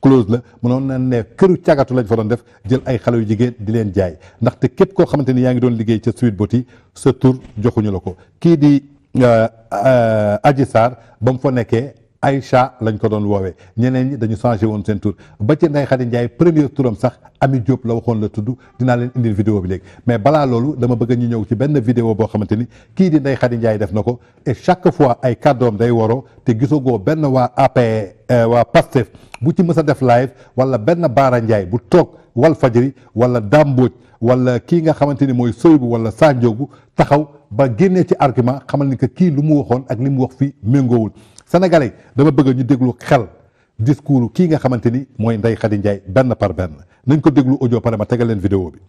close la mënoon na ne këru cagatu lañ fa doon def jël ay xale yu jigéen di leen jaay ndaxte képp koo xamante ni yaa ngi doon liggéey ca Sweet Beauty sa tur joxuñu la ko kii di euh, euh, aji Sarr ba mu fa nekkee ay Aïcha lañ ko doon woowee ñeneen ñi dañu changé woon seen tur ba ci Ndeye Khady Ndiaye premier touram sax Ami Diop la waxoon la tudd dinaa leen indil vidéo bi léegi mais balaa loolu dama bëgg ñu ñëw ci benn vidéo boo xamante ni kii di Ndeye Khady Ndiaye def na ko chaque fois ay kàddoom day waroo te gisagoo benn waa APR euh, waa PASTEF bu ci mës a def live wala benn Baara Ndiaye bu toog wal fajri wala dàmbooj wala kii nga xamante ni mooy Soybu wala Sanjogu taxaw ba génnee ci argument xamal ni que kii lu mu waxoon ak li mu wax fii méngoowul sénégalais dama bëgg ñu déglu xel discours kii nga xamante ni mooy Ndeye Khady Ndiaye benn par benn nañ ko déglu audio pare ma tegal leen vidéo bi.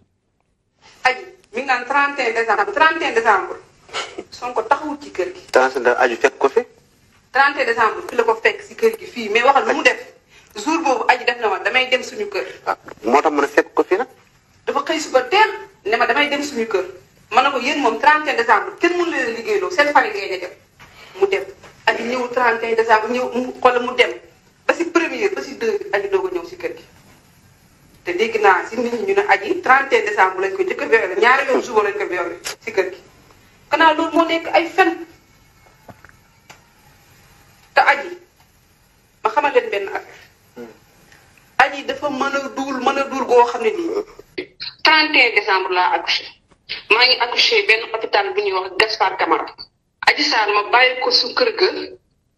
aju mi ngi naan 31 décembre 31 décembre Sonko taxawul ci kër gi. 31 décembre aju ko fi. 31 décembre fi la ko fekk si kër gi fii mais waxal mu def jour boobu aji def na woon damay dem suñu kër. Ah, moo tax mën a fekk ko fi nag. dafa xëy suba teel ne ma damay dem suñu kër ma ne ko yéen moom 31 décembre kenn mënu leen a kay déjà ñu xol mu dem ba ci premier ba ci deux aji dogo ñew ci si kër gi te dégg naa si nit ñi ñu ne aji 31 décembre lañ ko jëkk a ñaari yoon suba lañ ko violé si kër gi kana loolu mo nekk ay fen te aji ma xamal leen benn affaire hmm. aji dafa mën a duul mën a duul goo xam ne nii 31 décembre laa accouché maa ngi accouché benn hôpital bu ñuy wax Gaspard Camara aji Sarr ma bàyyi ko su kër ga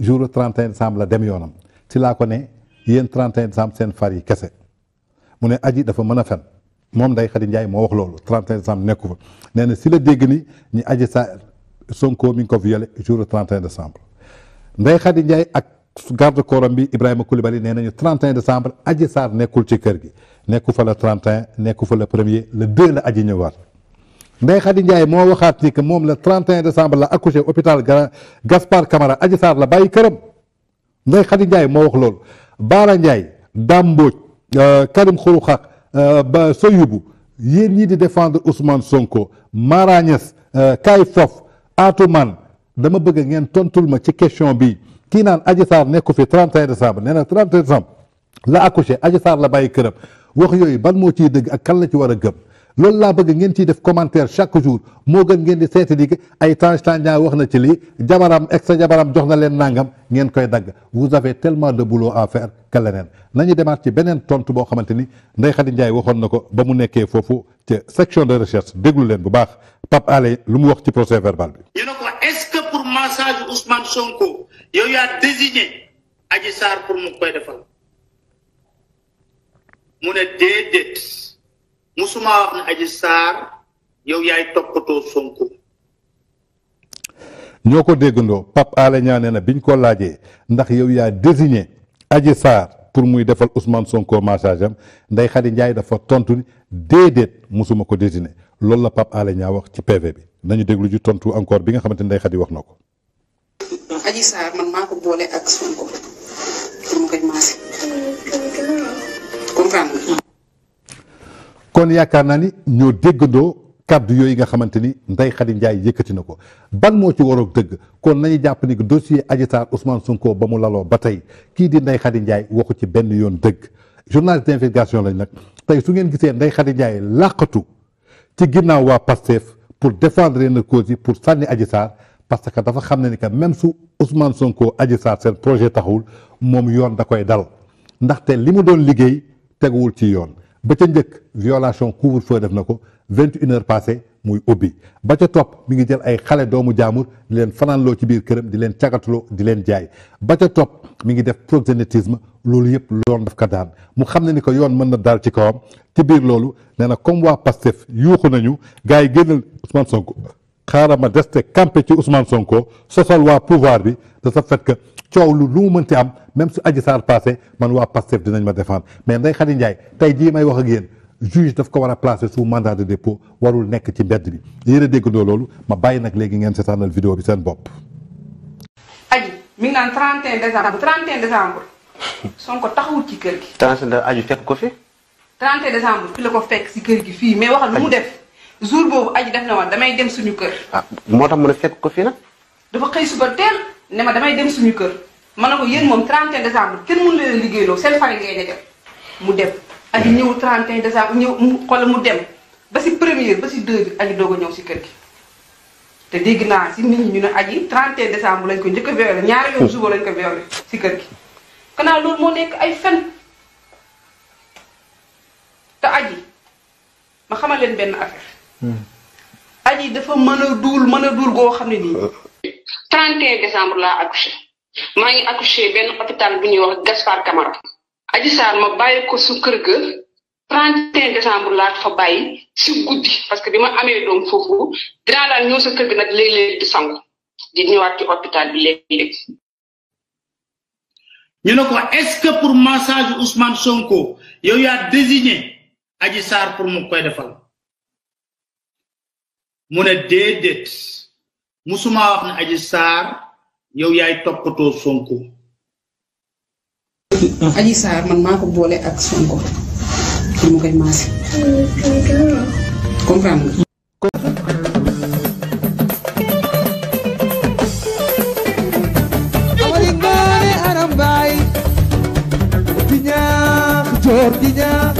jour 31 décembre la dem yoonam ci laa ko ne yéen 31 décembre seen far yi kese mu ne aji dafa mën a fen moom Ndeye Khady Ndiaye moo wax loolu 31 décembre nekku fa nee na si la dégg ni ñu aji sa Sonko mi ngi ko violé jour 31 décembre Ndeye Khady Ndiaye ak garde corps am bi Ibrahima bari nee nañu 31 décembre Adji Sarr nekkul ci kër gi nekku fa le 31 nekku fa le premier le 2 la Adji ñëwaat Ndeye Khady Ndiaye moo waxaat ni que moom la 31 décembre la accouché hôpital Gaspard Camara Adji Sarr la bàyyi këram Ndeye Khady Ndiaye moo wax loolu Baara Ndiaye Dame Mbodj euh, Karim Xrum euh, ba Soyoubou yéen ñii di défendre Ousmane Sonko Mara Niass euh, Kay Fof Atoumane dama bëgg ngeen tontul ma ci question bi kii naan Adji Sarr nekku fi 31 décembre nee na 31 décembre la accouché Adji Sarr la bàyyi këram wax yooyu ban moo ciy dëgg ak kan la ci war a gëm. loolu laa bëgg ngeen ciy def commentaire chaque jour moo gën ngeen di seeti di ay Tange Tandian wax na ci lii jabaram ex sa jabaram jox na leen nangam ngeen koy dagg vous avez tellement de boulot à faire que leneen nañu demaat ci beneen tontu boo xamante ni Ndeye Khady Ndiaye waxoon na ko ba mu nekkee foofu ca section de recherche déglu leen bu baax Pape Alé lu mu wax ci procès verbal bi. ñu ne ko est-ce que pour massage Ousmane Sonko yow yaa désigné musuma wax ne Adji Sarr yow yaay toppatoo Sonko. ñoo ko déggandoo Pape Alé Niang nee na biñ ko laajee ndax yow yaa désigné Adji Sarr pour muy defal Ousmane Sonko massage am Ndeye Khady Ndiaye dafa tontu ni déedéet musuma ko désigné loolu la Pape Alé Niang wax ci PV bi nañu déglu ju tontu encore bi nga xamante ne Ndeye Khady wax na ko. Adji Sarr man maa ko boole ak Sonko kon yaakaar naa ni ñoo déggandoo kàddu yooyu nga xamante ni ndey Khady Ndiaye yëkkati na ko ban moo ci waroon dëgg kon nañu jàpp ni dossier Adji Sarr Ousmane Sonko ba mu laloo ba tey kii di Ndeye Khady Ndiaye waxu ci benn yoon dëgg journaliste d'investigation lañ nag tey su ngeen gisee Ndeye Khady Ndiaye làqatu ci ginnaaw waa Pastef pour défendre na cause yi pour sànni Adji Sarr parce que dafa xam na ni que même su Ousmane Sonko Adji Sarr seen projet taxawul moom yoon da koy dal ndaxte li mu doon liggéey teguwul ci yoon ba ca njëkk violation couvre-feu def na ko vingt une heures passées muy ubbi ba ca topp mi ngi jël ay xale doomu jaamur di leen fanaanloo ci biir këram di leen cagatuloo di leen jaay ba ca topp mi ngi def proxénétisme loolu yëpp loolu daf ko daan mu xam ne ni ko yoon mën na daal ci kawam ci biir loolu nee na comme waa Pastef yuuxu nañu gars yi génnal Ousmane Sonko xaaral ma deste campé ci Ousmane Sonko sosal waa pouvoir bi de ce fait que coow lu lu mu mënti am même su Adji Sarr passé man waa Pastef dinañ ma défendre mais Ndeye Khady Ndiaye tey jii may wax ak yéen juge daf ko war a placer sous mandat de dépôt warul nekk ci mbedd bi yéen a déggandoo loolu ma bàyyi nag léegi ngeen seetaanal vidéo bi seen bopp. Adji mi ngi naan 31 décembre 31 Sonko taxawul ci kër gi. 31 aju ko fi. la ko fekk si kër gi fii jour boobu aj def na woon damay dem suñu kër. ah moo tax mën a fekk ko fii nag. dafa xëy suba teel ne ma damay dem suñu kër ma ne ko yéen moom 31 décembre kenn mënu leen liggéeyloo seen fari ngay ne dem mu dem. aji hmm. ñëw 31 décembre ñëw mu xool mu dem ba si premier ba si deux bi aji doog a ñëw si kër gi. te dégg naa si nit ñi ñu ne aji 31 décembre lañ ko njëkk a violé ñaari yoon suba lañ ko violé si kër gi. xanaa loolu moo nekk ay fen te aji ma xamal leen benn affaire. Hmm. aji dafa mën a duul mën goo xam ne nii. décembre laa accouché maa ngi accouché benn hôpital bu ñuy wax Gaspard Camara. aji Sarr ma bàyyi ko su kër ga 31 décembre laa fa bàyyi si guddi parce que bi ma amee doom foofu dinaa daal ñëw sa kër ga nag léeg-léeg di sangu di ñëwaat ci hôpital bi léeg-léeg. ñu ne ko est pour massage Ousmane Sonko yow yaa désigné aji Sarr pour mu koy defal. mu ne déedéet musuma wax ne Adji Sarr yow yaay toppatoo Sonko. aji Sarr man maa ko boole ak Sonko fi mu koy maase. comprendre nga. di ñaax joor di